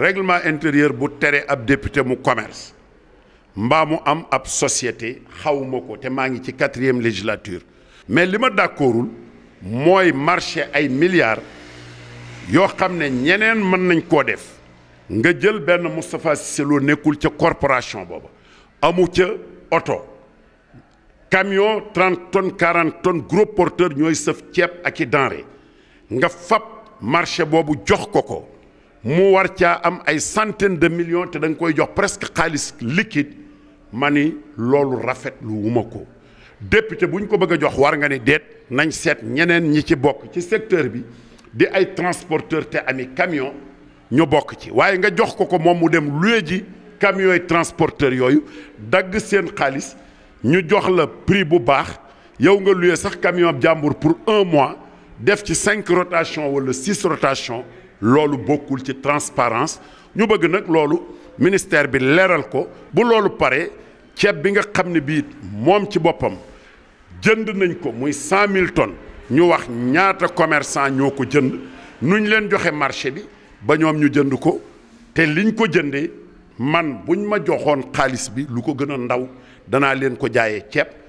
règlement intérieur bu tere ab député mu commerce mbaamu am ab société xawma ko te maa ngi ci quatrième législature mais li ma d'accordul mooy marché ay milliards yoo xam ne ñeneen mën nañ koo def nga jël benn Moustapha Cissé Lo nekkul ca corporation boobu amu ca oto camion 30 tonnes 40 tonnes gros porteur ñooy sëf ceeb ak i denrée nga fab marché boobu jox ko ko mu war caa am ay centaine de million te da koy jox presque xaalis liquide ma ni loolu rafetlu wu ma ko député bu ñu ko bëgg a jox war nga ne déet nañ seet ñeneen ñi ci bokk ci secteur bi di ay transporteur te ami camion ñu bokk ci waaye nga jox ko ko moom mu dem luye ji camions yi transporteur yooyu dagg seen xaalis ñu jox la prix bu baax yow nga luye sax camion jàmbur pour un mois def ci cinq rotation wala six rotation loolu bokkul ci transparence ñu bëgg nag loolu ministère bi leeral ko bu loolu paree ceeb bi nga xam ne bii moom ci boppam jënd nañ ko muy cent mille tonnes ñu wax ñaata commerçant ñoo ko jënd nuñ leen joxe marché bi ba ñoom ñu jënd ko te liñ ko jëndee man buñ ma joxoon xaalis bi lu ko gën a ndaw danaa leen ko jaayee ceeb